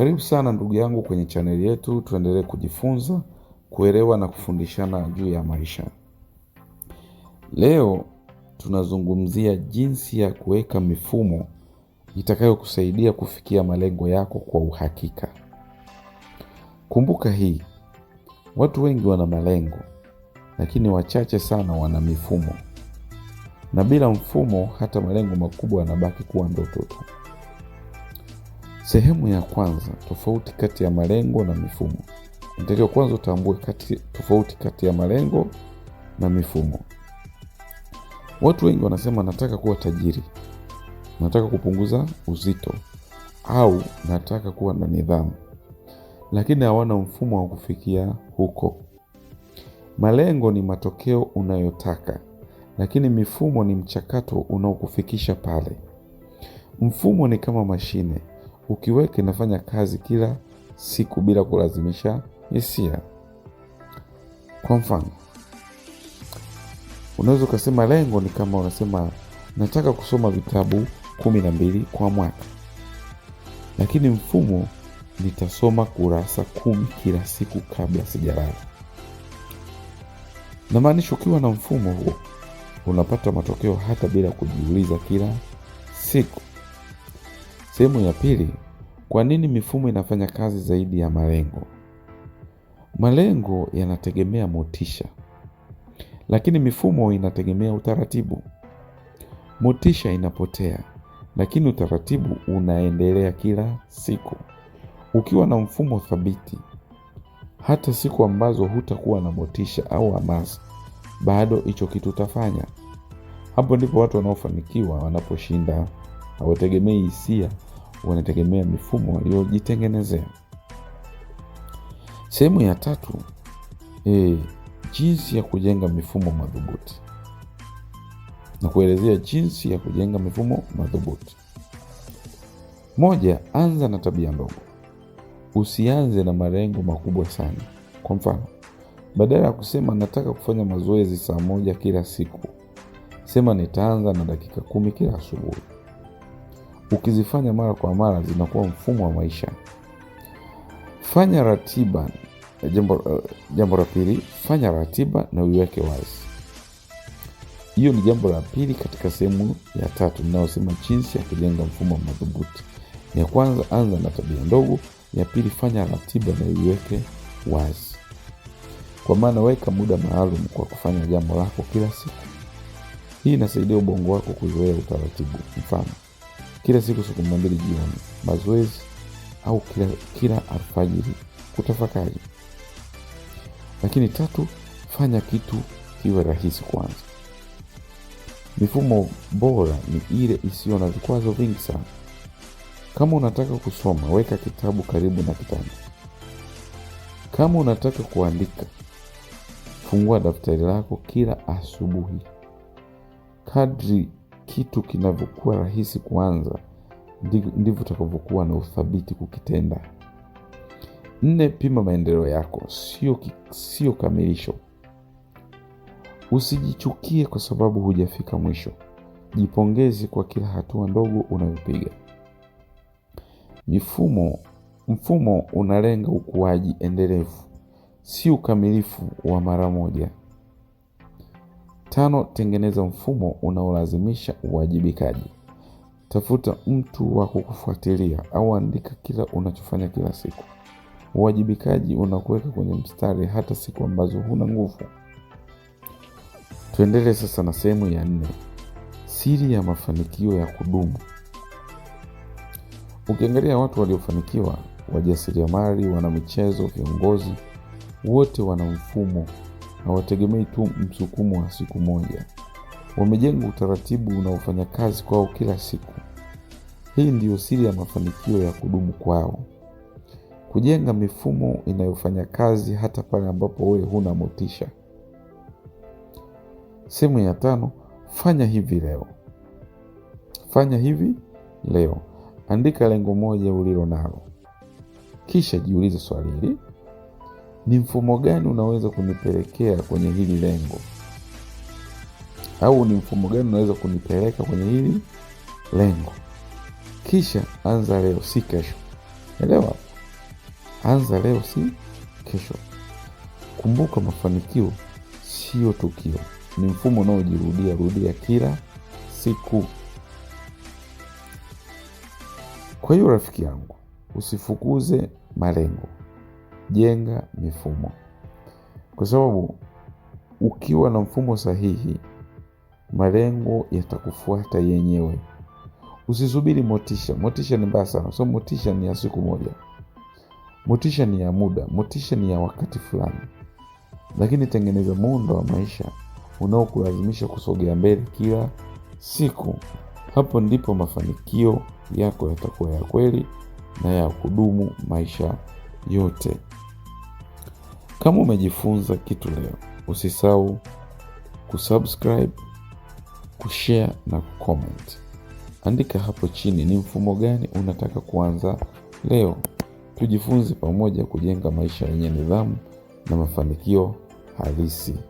Karibu sana ndugu yangu kwenye chaneli yetu, tuendelee kujifunza, kuelewa na kufundishana juu ya maisha. Leo tunazungumzia jinsi ya kuweka mifumo itakayokusaidia kufikia malengo yako kwa uhakika. Kumbuka hii, watu wengi wana malengo, lakini wachache sana wana mifumo, na bila mfumo hata malengo makubwa yanabaki kuwa ndoto tu. Sehemu ya kwanza: tofauti kati ya malengo na mifumo. Unatakiwa kwanza utambue kati, tofauti kati ya malengo na mifumo. Watu wengi wanasema nataka kuwa tajiri, nataka kupunguza uzito, au nataka kuwa na nidhamu, lakini hawana mfumo wa kufikia huko. Malengo ni matokeo unayotaka, lakini mifumo ni mchakato unaokufikisha pale. Mfumo ni kama mashine, ukiweka inafanya kazi kila siku bila kulazimisha hisia. Kwa mfano, unaweza ukasema lengo ni kama unasema nataka kusoma vitabu kumi na mbili kwa mwaka, lakini mfumo nitasoma kurasa kumi kila siku kabla sijalala. Namaanisha ukiwa na mfumo huo unapata matokeo hata bila kujiuliza kila siku. Sehemu ya pili, kwa nini mifumo inafanya kazi zaidi ya malengo? Malengo yanategemea motisha, lakini mifumo inategemea utaratibu. Motisha inapotea, lakini utaratibu unaendelea kila siku. Ukiwa na mfumo thabiti, hata siku ambazo hutakuwa na motisha au hamasa, bado hicho kitu utafanya. Hapo ndipo watu wanaofanikiwa wanaposhinda hawategemei hisia, wanategemea mifumo waliojitengenezea. Sehemu ya tatu, e, jinsi ya kujenga mifumo madhubuti na kuelezea jinsi ya kujenga mifumo madhubuti. Moja, anza na tabia ndogo, usianze na malengo makubwa sana. Kwa mfano, badala ya kusema nataka kufanya mazoezi saa moja kila siku, sema nitaanza na dakika kumi kila asubuhi ukizifanya mara kwa mara zinakuwa mfumo wa maisha. Fanya ratiba. Jambo, uh, jambo la pili, fanya ratiba na uiweke wazi. Hiyo ni jambo la pili katika sehemu ya tatu inayosema jinsi ya kujenga mfumo madhubuti. Ya kwanza, anza na tabia ndogo. Ya pili, fanya ratiba na uiweke wazi, kwa maana weka muda maalum kwa kufanya jambo lako kila siku. Hii inasaidia ubongo wako kuzoea utaratibu. Mfano, kila siku siku jioni, mazoezi au kila, kila alfajiri kutafakari. Lakini tatu, fanya kitu kiwe rahisi kwanza. Mifumo bora ni ile isiyo na vikwazo vingi sana. Kama unataka kusoma, weka kitabu karibu na kitanda. Kama unataka kuandika, fungua daftari lako kila asubuhi. Kadri kitu kinavyokuwa rahisi kuanza, ndivyo utakavyokuwa na uthabiti kukitenda. Nne, pima maendeleo yako, sio, sio kamilisho. Usijichukie kwa sababu hujafika mwisho. Jipongezi kwa kila hatua ndogo unayopiga. Mifumo, mfumo unalenga ukuaji endelevu, si ukamilifu wa mara moja. Tano, tengeneza mfumo unaolazimisha uwajibikaji. Tafuta mtu wa kukufuatilia au andika kila unachofanya kila siku. Uwajibikaji unakuweka kwenye mstari hata siku ambazo huna nguvu. Tuendelee sasa na sehemu ya nne, siri ya mafanikio ya kudumu. Ukiangalia watu waliofanikiwa, wajasiriamali, wanamichezo, viongozi, wote wana mfumo hawategemei tu msukumo wa siku moja. Wamejenga utaratibu unaofanya kazi kwao kila siku. Hii ndiyo siri ya mafanikio ya kudumu kwao, kujenga mifumo inayofanya kazi hata pale ambapo wewe huna motisha. Sehemu ya tano: fanya hivi leo. Fanya hivi leo. Andika lengo moja ulilo nalo, kisha jiulize swali hili: ni mfumo gani unaweza kunipelekea kwenye hili lengo, au ni mfumo gani unaweza kunipeleka kwenye hili lengo. Kisha anza leo, si kesho. Elewa, anza leo, si kesho. Kumbuka, mafanikio sio tukio, ni mfumo unaojirudia rudia kila siku. Kwa hiyo rafiki yangu, usifukuze malengo jenga mifumo, kwa sababu ukiwa na mfumo sahihi malengo yatakufuata yenyewe. Usisubiri motisha. Motisha ni mbaya sana, so motisha ni ya siku moja, motisha ni ya muda, motisha ni ya wakati fulani, lakini tengeneza muundo wa maisha unaokulazimisha kusogea mbele kila siku. Hapo ndipo mafanikio yako yatakuwa ya kweli na ya kudumu maisha yote. Kama umejifunza kitu leo, usisahau kusubscribe, kushare na kucomment. Andika hapo chini ni mfumo gani unataka kuanza leo. Tujifunze pamoja kujenga maisha yenye nidhamu na mafanikio halisi.